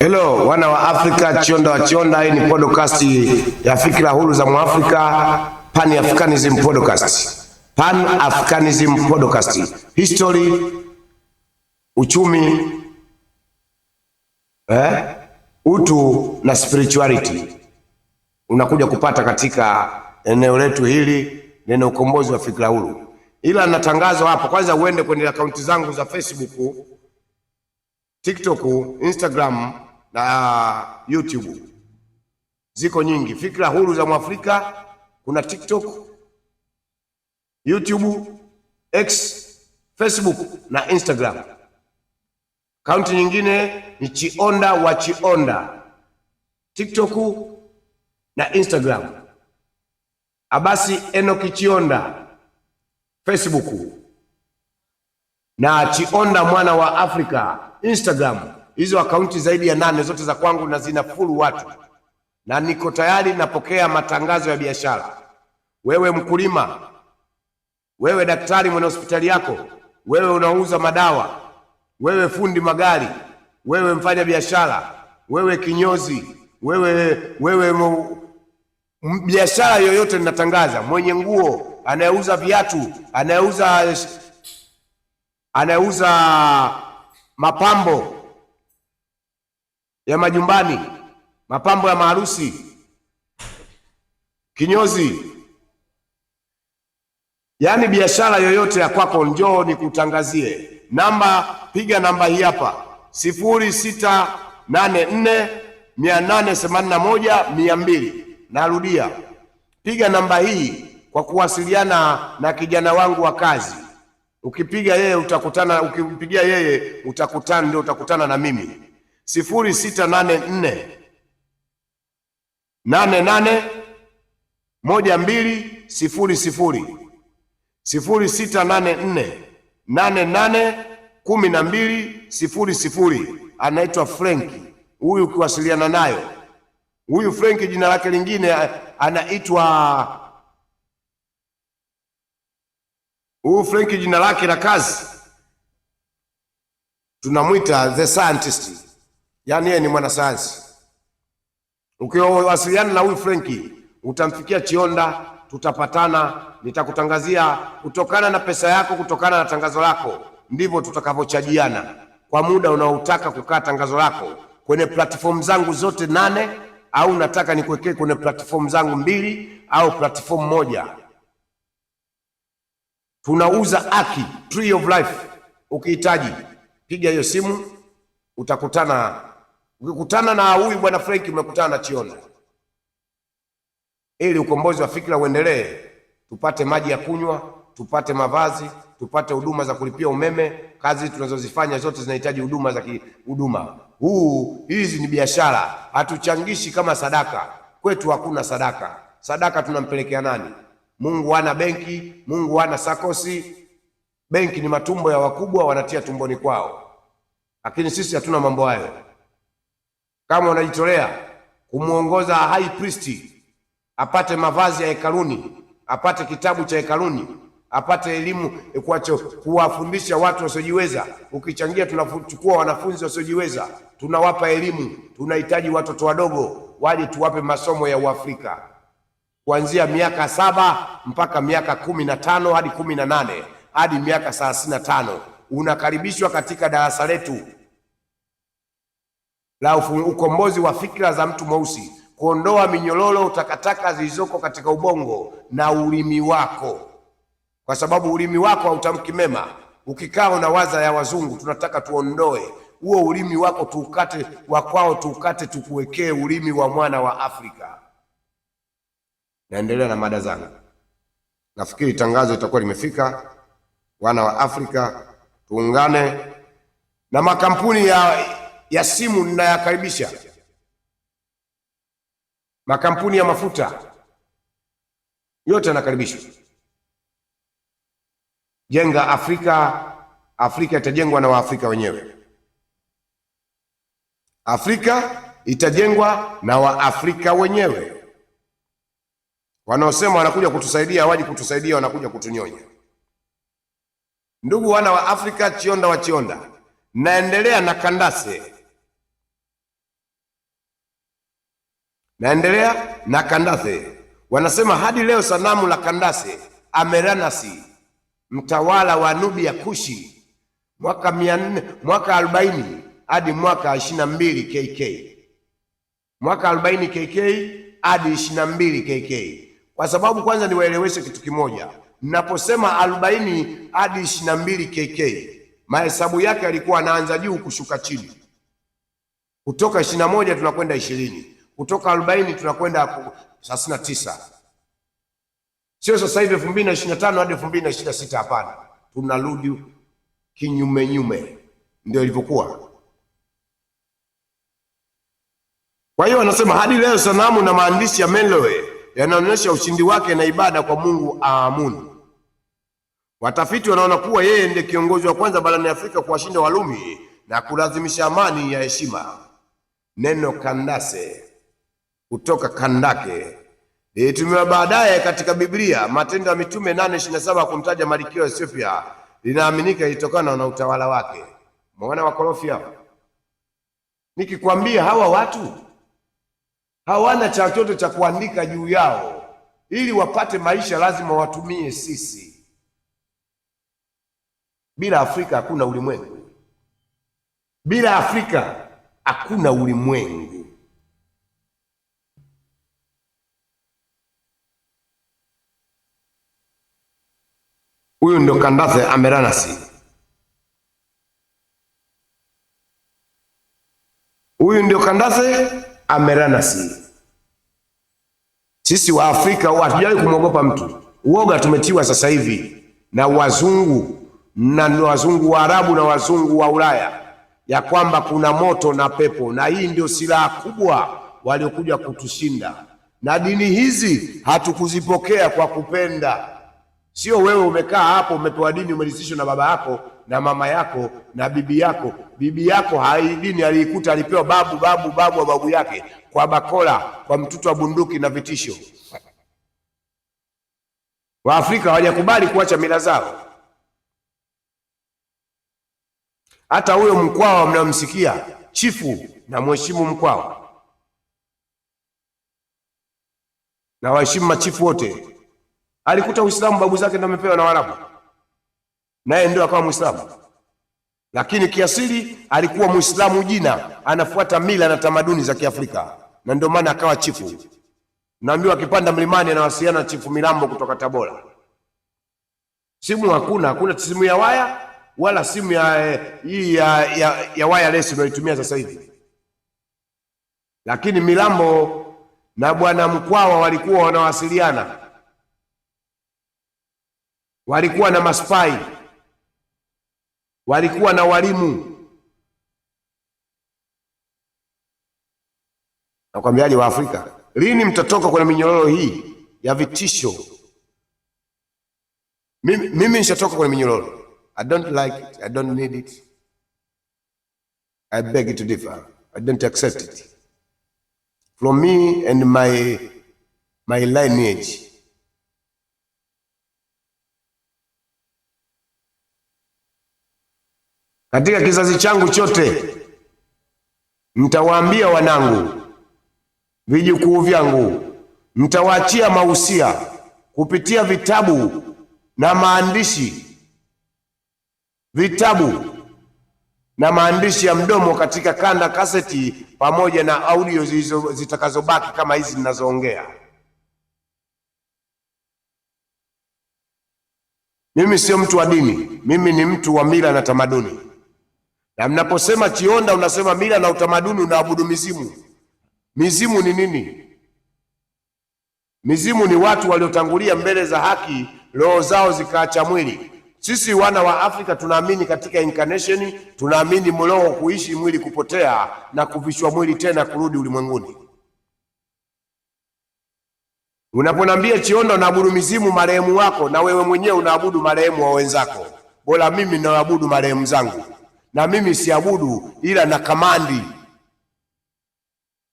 Hello wana wa Afrika, chionda wa chionda. Hii ni podcast ya fikra huru za Mwafrika, Pan Africanism podcast, Pan Africanism podcast, history, uchumi, eh, utu na spirituality, unakuja kupata katika eneo letu hili lenye ukombozi wa fikra huru. Ila natangazwa hapa kwanza, uende kwenye akaunti zangu za Facebook, TikTok, Instagram na YouTube ziko nyingi. Fikra huru za Mwafrika, kuna TikTok, YouTube, X, Facebook na Instagram. Kaunti nyingine ni Chionda wa Chionda, TikTok na Instagram. Abasi Enoki Chionda Facebook na Chionda mwana wa Afrika Instagram hizo akaunti zaidi ya nane zote za kwangu na zina full watu, na niko tayari napokea matangazo ya biashara. Wewe mkulima, wewe daktari mwenye hospitali yako, wewe unauza madawa, wewe fundi magari, wewe mfanya biashara, wewe kinyozi, wewe wewe biashara yoyote ninatangaza, mwenye nguo, anayeuza viatu, anayeuza anayeuza mapambo ya majumbani, mapambo ya maharusi, kinyozi, yaani biashara yoyote ya kwako, njoo nikutangazie. Namba, piga namba hii hapa, sifuri sita nane nne mia nane themanini na moja mia mbili. Narudia, piga namba hii kwa kuwasiliana na kijana wangu wa kazi. Ukipiga yeye utakutana, ukimpigia yeye utakutana, ndio utakutana na mimi moja mbili sifuri sifuri sifuri sita nane nne nane nane kumi na mbili sifuri sifuri anaitwa Frenki huyu, ukiwasiliana nayo huyu Frenki, jina lake lingine anaitwa huyu Frenki, jina lake la kazi tunamwita the scientist Yaani yeye ni mwanasayansi. Ukiwasiliana na huyu Frenki utamfikia Chionda, tutapatana, nitakutangazia kutokana na pesa yako, kutokana na tangazo lako, ndivyo tutakavyochajiana kwa muda unaotaka kukaa tangazo lako kwenye platform zangu zote nane, au nataka nikuwekee kwenye platform zangu mbili au platform moja. Tunauza Aki Tree of Life. Ukihitaji piga hiyo simu, utakutana Ukikutana na huyu bwana Frank, umekutana na Chiona. Ili ukombozi wa fikra uendelee, tupate maji ya kunywa, tupate mavazi, tupate huduma za kulipia umeme. Kazi tunazozifanya zote zinahitaji huduma za huduma. Huu hizi ni biashara, hatuchangishi kama sadaka. Kwetu hakuna sadaka. Sadaka tunampelekea nani? Mungu hana benki, Mungu hana sakosi. Benki ni matumbo ya wakubwa, wanatia tumboni kwao, lakini sisi hatuna mambo hayo kama unajitolea kumuongoza high priest apate mavazi ya hekaluni, apate kitabu cha hekaluni, apate elimu, e, kuwafundisha watu wasiojiweza. Ukichangia tunachukua wanafunzi wasiojiweza, tunawapa elimu. Tunahitaji watoto wadogo waje tuwape masomo ya Uafrika kuanzia miaka saba mpaka miaka kumi na tano hadi kumi na nane hadi miaka thelathini na tano. Unakaribishwa katika darasa letu la ukombozi wa fikra za mtu mweusi, kuondoa minyororo utakataka zilizoko katika ubongo na ulimi wako, kwa sababu ulimi wako hautamki mema. Ukikaa unawaza ya wazungu, tunataka tuondoe huo ulimi wako, tuukate wa kwao, tuukate, tukuwekee ulimi wa mwana wa Afrika. Naendelea na mada zangu. Nafikiri tangazo litakuwa limefika. Wana wa Afrika, tuungane na makampuni ya ya simu ninayakaribisha makampuni ya mafuta yote yanakaribishwa. Jenga Afrika. Afrika itajengwa na Waafrika wenyewe. Afrika itajengwa na Waafrika wenyewe. Wanaosema wanakuja kutusaidia hawaji kutusaidia, wanakuja kutunyonya. Ndugu wana wa Afrika, Chionda wa Chionda, naendelea na kandase Naendelea na Kandase, wanasema hadi leo sanamu la Kandase Ameranasi, mtawala wa Nubia Kushi, mwaka mia nne mwaka arobaini hadi mwaka ishirini na mbili KK, mwaka arobaini KK hadi ishirini na mbili KK. Kwa sababu kwanza niwaeleweshe kitu kimoja, ninaposema arobaini hadi ishirini na mbili KK, mahesabu yake alikuwa anaanza juu kushuka chini, kutoka ishirini na moja tunakwenda ishirini kutoka 40 tunakwenda thelathini tisa sio sasa hivi 2025 hadi 2026, Hapana, tunarudi kinyumenyume, ndio ilivyokuwa. Kwa hiyo anasema hadi leo sanamu na maandishi ya Menlowe yanaonyesha ushindi wake na ibada kwa Mungu Amun. Watafiti wanaona kuwa yeye ndiye kiongozi wa kwanza barani Afrika kuwashinda Walumi na kulazimisha amani ya heshima. Neno kandase kutoka Kandake. Lilitumiwa baadaye katika Biblia. Matendo ya Mitume 8:27 kumtaja Malkia wa Ethiopia, linaaminika ilitokana na utawala wake. wa korofi hapa, nikikwambia hawa watu hawana chochote cha kuandika juu yao. Ili wapate maisha, lazima watumie sisi. Bila Afrika hakuna ulimwengu. Bila Afrika hakuna ulimwengu. Huyu ndo Kandathe ameranasi. Huyu ndio Kandathe ameranasi. Sisi wa Afrika huwa hatujawahi kumwogopa mtu. Uoga tumetiwa sasa hivi na wazungu na wazungu wa Arabu na wazungu wa Ulaya, ya kwamba kuna moto na pepo, na hii ndio silaha kubwa waliokuja kutushinda, na dini hizi hatukuzipokea kwa kupenda Sio wewe umekaa hapo umepewa dini, umerithishwa na baba yako na mama yako na bibi yako. Bibi yako hai dini aliikuta, alipewa babu babu babu wa babu yake, kwa bakola, kwa mtoto wa bunduki na vitisho. Waafrika hawajakubali kuacha mila zao. Hata huyo Mkwawa mnamsikia chifu, na mheshimu Mkwawa na waheshimu machifu wote alikuta Uislamu, babu zake ndio amepewa na Waarabu, naye ndio akawa Muislamu, lakini kiasili alikuwa Muislamu jina, anafuata mila na tamaduni za Kiafrika, na ndio maana akawa chifu. Naambiwa akipanda mlimani anawasiliana na chifu Milambo kutoka Tabora. Simu hakuna, hakuna simu ya waya wala simu ya eh, hii ya, ya, ya wireless unayoitumia sasa hivi, lakini Milambo na bwana Mkwawa walikuwa wanawasiliana walikuwa na maspai, walikuwa na walimu. Nakwambiaje wa Afrika, lini mtatoka kwenye minyororo hii ya vitisho? Mimi, mimi nishatoka kwenye minyororo. I don't like it. I don't need it. I beg to differ. I don't accept it. From me and my, my lineage. katika kizazi changu chote, mtawaambia wanangu, vijukuu vyangu, mtawaachia mausia kupitia vitabu na maandishi, vitabu na maandishi ya mdomo katika kanda kaseti, pamoja na audio zitakazobaki kama hizi ninazoongea mimi. Sio mtu wa dini, mimi ni mtu wa mila na tamaduni. Na mnaposema Chionda, unasema mila na utamaduni, unaabudu mizimu. Mizimu ni nini? Mizimu ni watu waliotangulia mbele za haki, roho zao zikaacha mwili. Sisi wana wa Afrika tunaamini katika incarnation, tunaamini mroho kuishi, mwili kupotea na kuvishwa mwili tena kurudi ulimwenguni. Unaponambia Chionda unaabudu mizimu, marehemu wako, na wewe mwenyewe unaabudu marehemu wa wenzako. Bora mimi naabudu marehemu zangu na mimi siabudu ila na kamandi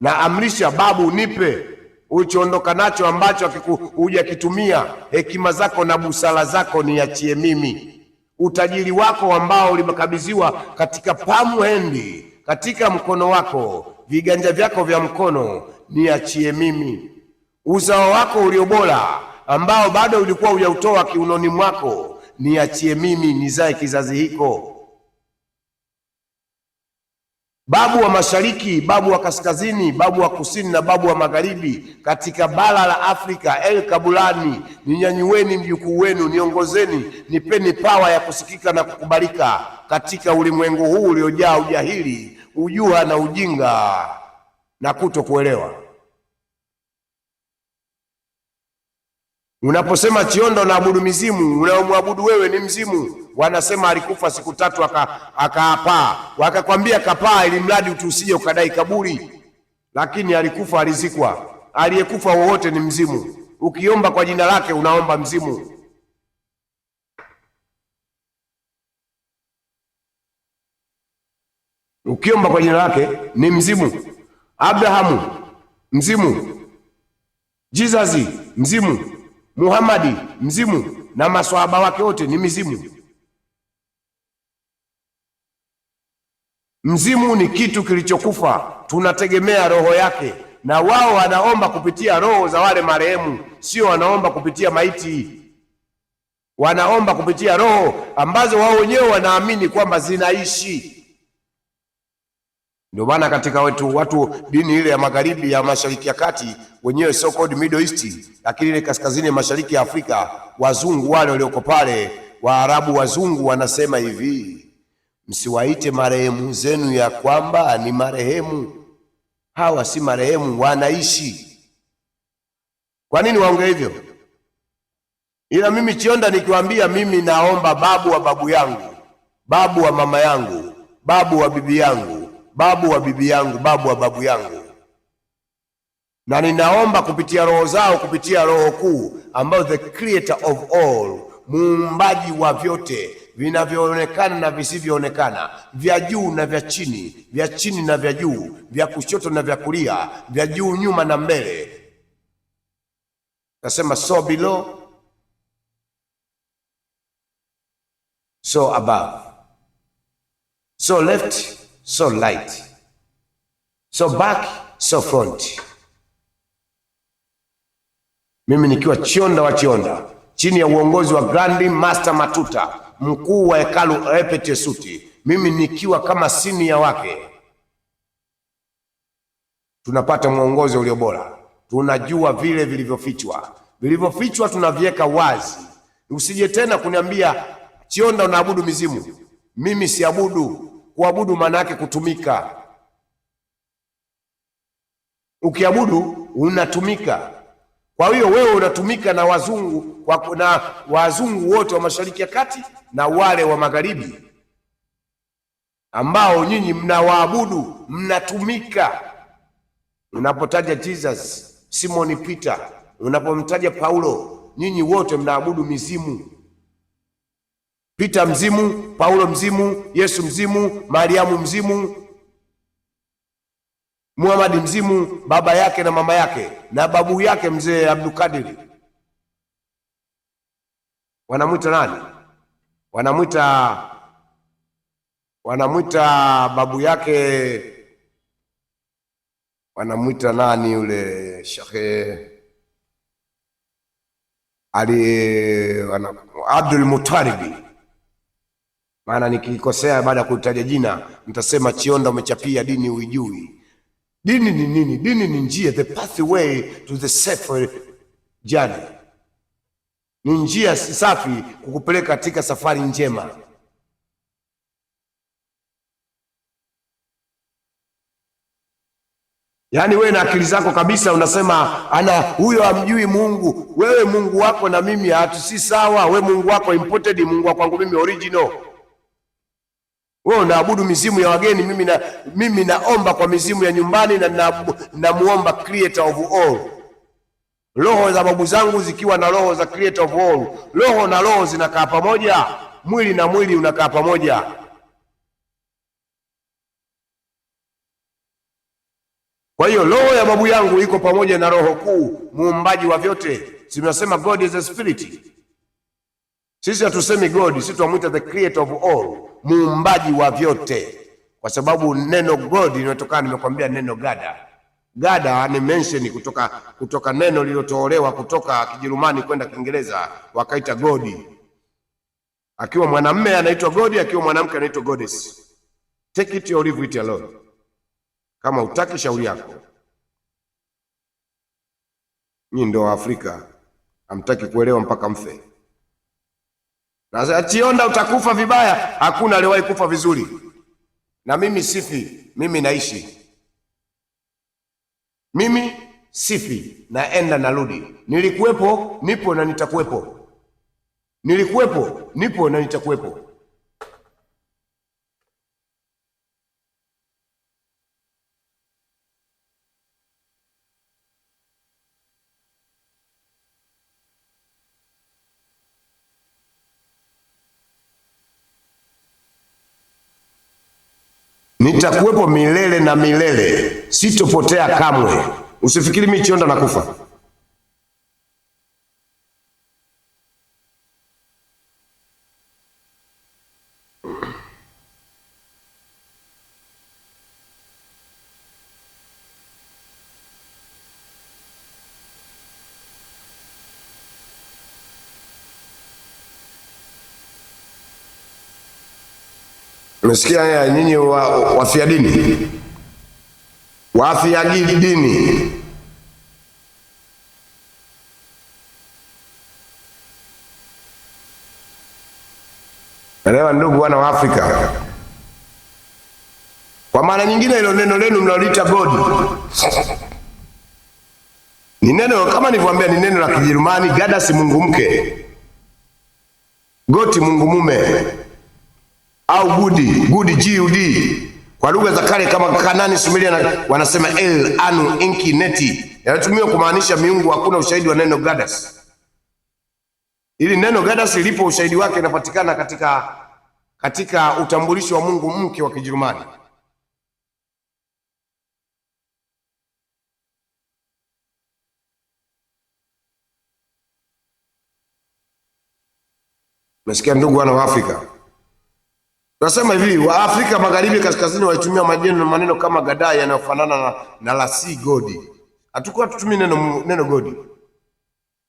na amrisha, babu nipe ulichoondoka nacho ambacho hujakitumia hekima zako na busara zako niachie mimi. Utajiri wako ambao ulimekabidhiwa katika pamu hendi katika mkono wako, viganja vyako vya mkono niachie mimi. Uzao wako uliobora ambao bado ulikuwa hujautoa kiunoni mwako niachie mimi, nizae kizazi hiko babu wa mashariki, babu wa kaskazini, babu wa kusini na babu wa magharibi katika bara la Afrika. El Kabulani, ninyanyueni mjukuu wenu, niongozeni, nipeni pawa ya kusikika na kukubalika katika ulimwengu huu uliojaa ujahili, ujuha na ujinga na kuto kuelewa Unaposema Chiondo naabudu mizimu, unaomwabudu wewe ni mzimu wanasema alikufa siku tatu akaapaa, wakakwambia kapaa ili mradi utusije ukadai kaburi, lakini alikufa, alizikwa. Aliyekufa wowote ni mzimu. Ukiomba kwa jina lake unaomba mzimu. Ukiomba kwa jina lake ni mzimu. Abrahamu mzimu, Jizazi mzimu, Muhamadi mzimu, na maswahaba wake wote ni mizimu. Mzimu ni kitu kilichokufa, tunategemea roho yake, na wao wanaomba kupitia roho za wale marehemu, sio wanaomba kupitia maiti. Wanaomba kupitia roho ambazo wao wenyewe wanaamini kwamba zinaishi. Ndio maana katika watu, watu dini ile ya magharibi ya mashariki ya kati wenyewe so called Middle East, lakini ile kaskazini mashariki ya Afrika, wazungu wale walioko pale, Waarabu wazungu wanasema hivi Msiwaite marehemu zenu ya kwamba ni marehemu. Hawa si marehemu, wanaishi. Kwa nini waongee hivyo? Ila mimi Chionda nikiwaambia mimi naomba babu wa babu yangu, babu wa mama yangu, babu wa bibi yangu, babu wa bibi yangu, babu wa babu yangu, na ninaomba kupitia roho zao, kupitia Roho Kuu ambayo the creator of all, muumbaji wa vyote vinavyoonekana na visivyoonekana, vya juu na vya chini, vya chini na vya juu, vya kushoto na vya kulia, vya juu nyuma na mbele. Nasema so below so above, so left so right, so back so front. Mimi nikiwa chionda wa chionda chini ya uongozi wa Grandi Master Matuta mkuu wa hekalu Ephesuti, mimi nikiwa kama sinia wake. Tunapata mwongozo ulio bora, tunajua vile vilivyofichwa, vilivyofichwa tunaviweka wazi. Usije tena kuniambia Chionda unaabudu mizimu. Mimi siabudu. Kuabudu maana yake kutumika. Ukiabudu unatumika. Kwa hiyo wewe unatumika na wazungu na wazungu wote wa Mashariki ya Kati na wale wa Magharibi ambao nyinyi mnawaabudu, mnatumika. Unapotaja Jesus, Simoni Peter, unapomtaja Paulo, nyinyi wote mnaabudu mizimu. Peter mzimu, Paulo mzimu, Yesu mzimu, Mariamu mzimu Muhammad Mzimu, baba yake na mama yake na babu yake mzee Abdulkadiri, wanamwita nani? Wanamwita wanamwita babu yake, wanamwita nani yule shekhe ali wana, Abdul Mutalibi. Maana nikikosea baada ya kutaja jina mtasema Chionda umechapia dini uijui. Dini ni nini? Dini ni njia, the pathway to the safe journey, ni njia safi kukupeleka katika safari njema. Yaani wewe na akili zako kabisa unasema ana huyo amjui Mungu. Wewe Mungu wako na mimi hatu si sawa. Wewe Mungu wako imported, Mungu wako kwangu mimi original. Wewe unaabudu mizimu ya wageni, mimi na mimi naomba kwa mizimu ya nyumbani na namuomba na creator of all. Roho za babu zangu zikiwa na roho za creator of all, roho na roho zinakaa pamoja, mwili na mwili unakaa pamoja. Kwa hiyo roho ya babu yangu iko pamoja na roho kuu, muumbaji wa vyote. Zinasema God is a spirit. Sisi hatusemi God, sisi tunamwita the creator of all, muumbaji wa vyote, kwa sababu neno God linatokana, nimekwambia neno gada gada ni mention kutoka, kutoka neno lililotolewa kutoka Kijerumani kwenda Kiingereza wakaita godi. Akiwa mwanamme anaitwa godi, akiwa mwanamke anaitwa goddess. Take it or leave it alone. Kama utaki shauri yako. Nyinyi ndio Afrika, hamtaki kuelewa mpaka mfe na Chionda utakufa vibaya, hakuna aliyewahi kufa vizuri. Na mimi sifi, mimi naishi, mimi sifi, naenda narudi. Nilikuwepo, nipo na nitakuwepo, nilikuwepo, nipo na nitakuwepo. nitakuwepo milele na milele, sitopotea kamwe. Usifikiri mimi chionda na kufa. Umesikia haya nyinyi wafia dini, wafia dini, elewa ndugu wana wa Afrika. Kwa maana nyingine, ilo neno lenu mnaolita God ni neno kama nilivyoambia, ni neno la Kijerumani, gadasi mungu mke, goti mungu mume au gudi gudi gud kwa lugha za kale kama Kanani, Sumeria na wanasema el anu inki neti, yanatumiwa kumaanisha miungu. Hakuna ushahidi wa neno gadas. Ili neno gadas lilipo ushahidi wake inapatikana katika, katika utambulisho wa mungu mke wa Kijerumani. Nasikia ndugu wana wa Afrika Tunasema hivi Waafrika Magharibi kaskazini walitumia majina na maneno kama gadai yanayofanana na, na la si godi. Hatukuwa tutumii neno, neno godi.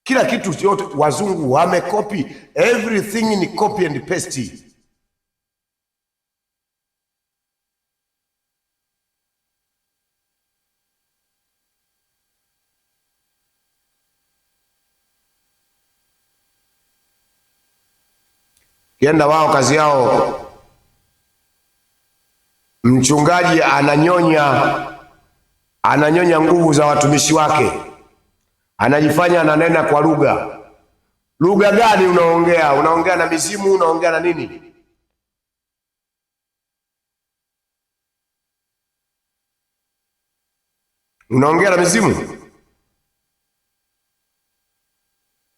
Kila kitu yote wazungu wamekopi, everything ni copy and paste. Kienda wao kazi yao mchungaji ananyonya, ananyonya nguvu za watumishi wake, anajifanya ananena kwa lugha. Lugha gani unaongea? Unaongea na mizimu? Unaongea na nini? Unaongea na mizimu?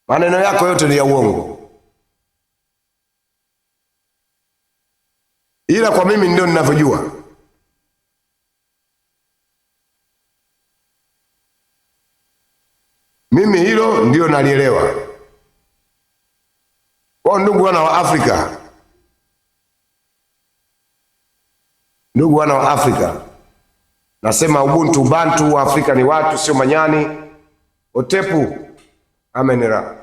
Maneno yako yote ni ya uongo, ila kwa mimi ndio ninavyojua ndio nalielewa. Kwa ndugu wana wa Afrika, ndugu wana wa Afrika, nasema ubuntu, bantu wa Afrika ni watu sio manyani. Otepu amenera